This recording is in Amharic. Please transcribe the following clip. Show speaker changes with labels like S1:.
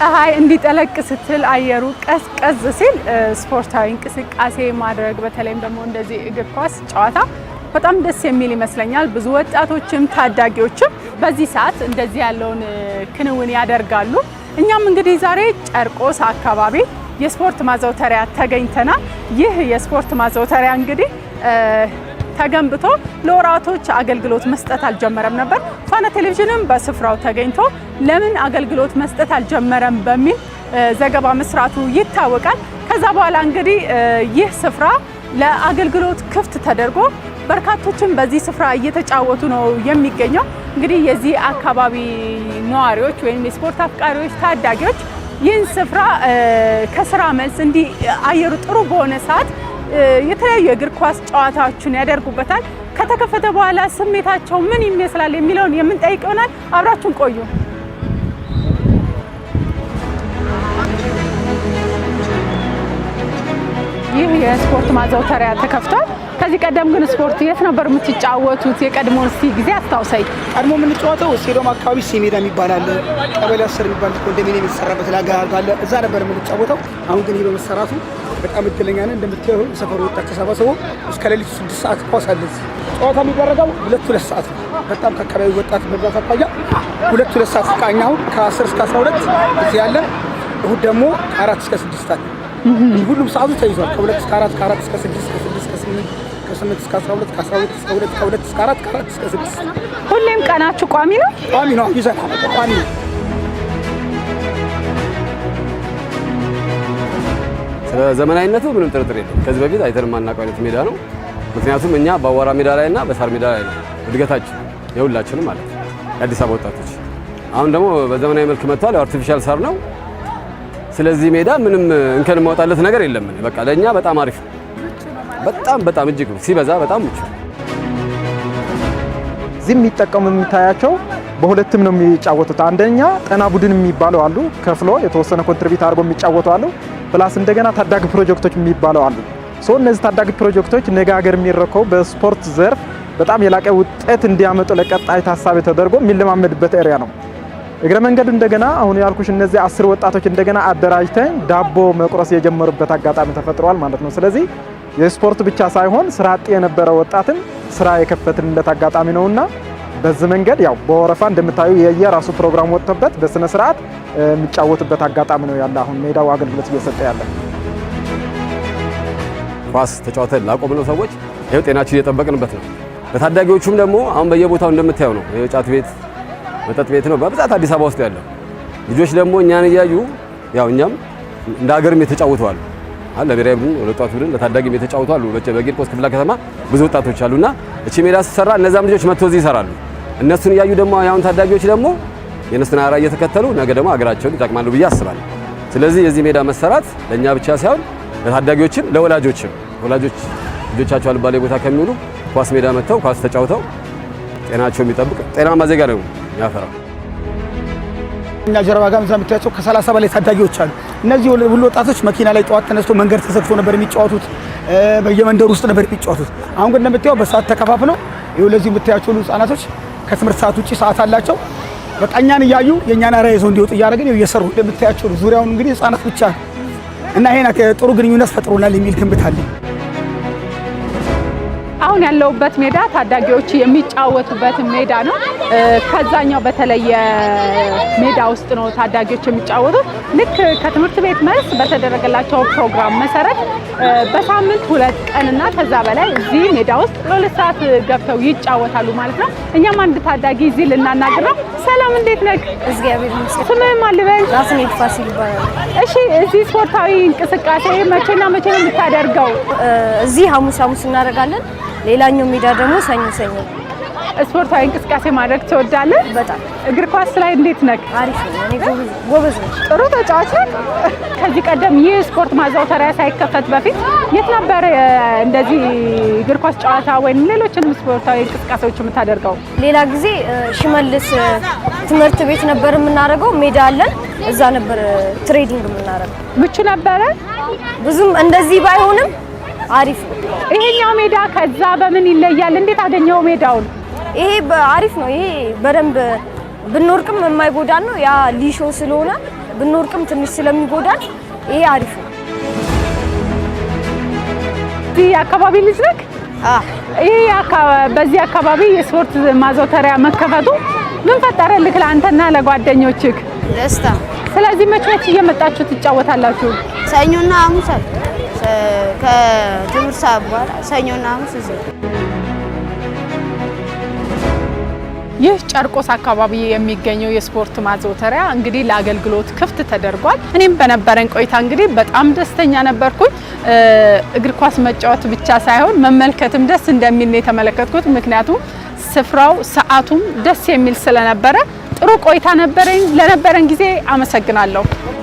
S1: ፀሐይ እንዲጠለቅ ስትል አየሩ ቀዝቀዝ ሲል ስፖርታዊ እንቅስቃሴ ማድረግ በተለይም ደግሞ እንደዚህ እግር ኳስ ጨዋታ በጣም ደስ የሚል ይመስለኛል። ብዙ ወጣቶችም ታዳጊዎችም በዚህ ሰዓት እንደዚህ ያለውን ክንውን ያደርጋሉ። እኛም እንግዲህ ዛሬ ጨርቆስ አካባቢ የስፖርት ማዘውተሪያ ተገኝተናል። ይህ የስፖርት ማዘውተሪያ እንግዲህ ተገንብቶ ለወራቶች አገልግሎት መስጠት አልጀመረም ነበር። ፋና ቴሌቪዥንም በስፍራው ተገኝቶ ለምን አገልግሎት መስጠት አልጀመረም በሚል ዘገባ መስራቱ ይታወቃል። ከዛ በኋላ እንግዲህ ይህ ስፍራ ለአገልግሎት ክፍት ተደርጎ በርካቶችም በዚህ ስፍራ እየተጫወቱ ነው የሚገኘው። እንግዲህ የዚህ አካባቢ ነዋሪዎች ወይም የስፖርት አፍቃሪዎች፣ ታዳጊዎች ይህን ስፍራ ከስራ መልስ እንዲህ አየሩ ጥሩ በሆነ ሰዓት የተለያዩ የእግር ኳስ ጨዋታዎችን ያደርጉበታል። ከተከፈተ በኋላ ስሜታቸው ምን ይመስላል የሚለውን የምንጠይቅ ይሆናል። አብራችሁን ቆዩ። ይህ የስፖርት ማዘውተሪያ ተከፍቷል። ከዚህ ቀደም ግን ስፖርት የት ነበር የምትጫወቱት? የቀድሞ እስቲ ጊዜ አስታውሳኝ።
S2: ቀድሞ የምንጫወተው ሲሎም አካባቢ ሲሜዳ የሚባል አለ፣ ቀበሌ አስር የሚባል ኮንዶሚኒየም የሚሰራበት ላጋርድ አለ፣ እዛ ነበር የምንጫወተው። አሁን ግን ይህ በመሰራቱ በጣም እድለኛ ነን። እንደምታየው ሰፈሩ ወጣ ተሰባሰቡ። እስከ ሌሊቱ ስድስት ሰዓት ኳሳለዚ ጨዋታ የሚደረገው ሁለት ሁለት ሰዓት ነው። በጣም ከአካባቢ ወጣት መግባት አኳያ ሁለት ሁለት ሰዓት ቃኛ አሁን ከአስር እስከ አስራ ሁለት እዚህ ያለ እሁድ ደግሞ ከአራት እስከ ስድስት አለ። ሁሉም ሰዓቱ ተይዟል። ከሁለት እስከ አራት ከአራት እስከ ስድስት ከስድስት ከስምንት ከ8 እስከ 12 ከ12 እስከ እስከ እስከ
S1: ሁሌም ቀናችሁ ቋሚ ነው?
S2: ቋሚ ነው። ይዘና ቋሚ ነው።
S3: ስለ ዘመናዊነቱ ምንም ጥርጥር የለም። ከዚህ በፊት አይተን የማናውቀው አይነት ሜዳ ነው። ምክንያቱም እኛ በአዋራ ሜዳ ላይ እና በሳር ሜዳ ላይ ነው እድገታችን የሁላችንም ማለት ነው የአዲስ አበባ ወጣቶች። አሁን ደግሞ በዘመናዊ መልክ መጥቷል። አርቲፊሻል ሳር ነው። ስለዚህ ሜዳ ምንም እንከን ማውጣለት ነገር የለም። በቃ ለእኛ በጣም አሪፍ ነው። በጣም በጣም እጅግ ሲበዛ በጣም ምቹ።
S4: እዚህ የሚጠቀሙ የሚታያቸው በሁለትም ነው የሚጫወቱት። አንደኛ ጠና ቡድን የሚባሉ አሉ፣ ከፍሎ የተወሰነ ኮንትሪቢዩት አድርጎ የሚጫወቱ አሉ። ፕላስ እንደገና ታዳጊ ፕሮጀክቶች የሚባለው አሉ። ሶ እነዚህ ታዳጊ ፕሮጀክቶች ነገ ሀገር የሚረከው በስፖርት ዘርፍ በጣም የላቀ ውጤት እንዲያመጡ ለቀጣይ ታሳቢ ተደርጎ የሚለማመድበት ኤሪያ ነው። እግረ መንገድ እንደገና አሁን ያልኩሽ እነዚህ አስር ወጣቶች እንደገና አደራጅተን ዳቦ መቁረስ የጀመሩበት አጋጣሚ ተፈጥሯል ማለት ነው። ስለዚህ የስፖርት ብቻ ሳይሆን ስራ አጥ የነበረ ወጣትን ስራ የከፈትንለት አጋጣሚ ነውና በዚህ መንገድ ያው በወረፋ እንደምታዩ የየራሱ ፕሮግራም ወጥቶበት በስነ ስርዓት የሚጫወትበት አጋጣሚ ነው ያለ። አሁን ሜዳው አገልግሎት እየሰጠ ያለ
S3: ኳስ ተጫውተን ላቆምነው ሰዎች ይኸው ጤናችን እየጠበቅንበት ነው። በታዳጊዎቹም ደግሞ አሁን በየቦታው እንደምታየው ነው። የጫት ቤት መጠጥ ቤት ነው በብዛት አዲስ አበባ ውስጥ ያለው። ልጆች ደግሞ እኛን እያዩ ያው እኛም እንደ ሀገርም የተጫውተዋል። ለብሔራዊ ቡድን ለወጣቱ ቡድን ለታዳጊም የተጫወቱ አሉ። በቂርቆስ ክፍለ ከተማ ብዙ ወጣቶች አሉና እቺ ሜዳ ስትሰራ እነዛም ልጆች መጥተው እዚህ ይሰራሉ። እነሱን እያዩ ደግሞ ያሁን ታዳጊዎች ደግሞ የነሱን አራ እየተከተሉ ነገ ደግሞ ሀገራቸውን ይጠቅማሉ ብዬ አስባለሁ። ስለዚህ የዚህ ሜዳ መሰራት ለእኛ ብቻ ሳይሆን ለታዳጊዎችም ለወላጆችም ወላጆች ልጆቻቸው አልባሌ ቦታ ከሚውሉ ኳስ ሜዳ መጥተው ኳስ ተጫውተው ጤናቸው የሚጠብቅ ጤናማ ዜጋ ነው የሚያፈራው።
S5: እኛ ጀርባ ጋር እንደምታያቸው ከ30 በላይ ታዳጊዎች አሉ። እነዚህ ሁሉ ወጣቶች መኪና ላይ ጠዋት ተነስቶ መንገድ ተሰግፎ ነበር የሚጫወቱት፣ በየመንደሩ ውስጥ ነበር የሚጫወቱት። አሁን ግን እንደምታየው በሰዓት ተከፋፍለው ይኸው ለዚህ የምታያቸው ሁሉ ህጻናቶች ከትምህርት ሰዓት ውጭ ሰዓት አላቸው። በቃ እኛን እያዩ የእኛን አርአያ ይዘው እንዲወጡ እያደረግን እየሰሩ እንደምታያቸው ዙሪያውን እንግዲህ ህጻናት ብቻ እና ይሄን ጥሩ ግንኙነት ፈጥሮናል የሚል ግምት አለኝ።
S1: አሁን ያለውበት ሜዳ ታዳጊዎች የሚጫወቱበት ሜዳ ነው። ከዛኛው በተለየ ሜዳ ውስጥ ነው ታዳጊዎች የሚጫወቱት። ልክ ከትምህርት ቤት መልስ በተደረገላቸው ፕሮግራም መሰረት በሳምንት ሁለት ቀንና ከዛ በላይ እዚህ ሜዳ ውስጥ ለሁለት ሰዓት ገብተው ይጫወታሉ ማለት ነው። እኛም አንድ ታዳጊ እዚህ ልናናግር ነው። ሰላም፣ እንዴት ነህ?
S6: እግዚአብሔር ይመስገን።
S1: ስምህ ማን ልበል? እሺ፣ እዚህ ስፖርታዊ እንቅስቃሴ መቼና መቼ ነው የምታደርገው?
S6: እዚህ ሐሙስ ሐሙስ እናደርጋለን። ሌላኛው ሜዳ ደግሞ ሰኞ ሰኞ
S1: ስፖርታዊ እንቅስቃሴ ማድረግ ትወዳለህ? በጣም እግር ኳስ ላይ እንዴት ነህ?
S6: አሪፍ ነው። እኔ ጎበዝ ነኝ።
S1: ጥሩ ተጫዋች ነህ። ከዚህ ቀደም ይህ ስፖርት ማዘውተሪያ ሳይከፈት በፊት የት ነበር እንደዚህ እግር ኳስ ጨዋታ ወይም ሌሎችንም ስፖርታዊ እንቅስቃሴዎች የምታደርገው?
S6: ሌላ ጊዜ ሽመልስ ትምህርት ቤት ነበር የምናደርገው። ሜዳ አለን፣ እዛ ነበር ትሬዲንግ የምናደርገው። ምቹ ነበረ? ብዙም እንደዚህ ባይሆንም አሪፍ ነው።
S1: ይሄኛው ሜዳ ከዛ በምን ይለያል? እንዴት አገኘው ሜዳውን?
S6: ይሄ አሪፍ ነው። ይሄ በደንብ ብንወርቅም የማይጎዳን ነው። ያ ሊሾ ስለሆነ ብንወርቅም ትንሽ ስለሚጎዳን ይሄ አሪፍ ነው።
S1: እዚህ አካባቢ ልጅ ነክ ይሄ በዚህ አካባቢ የስፖርት ማዘውተሪያ መከፈቱ ምን ፈጠረልክ ለአንተና ለጓደኞችህ? ደስታ። ስለዚህ መች መች እየመጣችሁ ትጫወታላችሁ?
S6: ሰኞና ሐሙስ ከትምህርት ሰዓት በኋላ ሰኞና ሐሙስ እዚህ
S1: ይህ ጨርቆስ አካባቢ የሚገኘው የስፖርት ማዘውተሪያ እንግዲህ ለአገልግሎት ክፍት ተደርጓል። እኔም በነበረን ቆይታ እንግዲህ በጣም ደስተኛ ነበርኩኝ። እግር ኳስ መጫወት ብቻ ሳይሆን መመልከትም ደስ እንደሚል ነው የተመለከትኩት። ምክንያቱም ስፍራው ሰዓቱም ደስ የሚል ስለነበረ ጥሩ ቆይታ ነበረኝ። ለነበረን ጊዜ አመሰግናለሁ።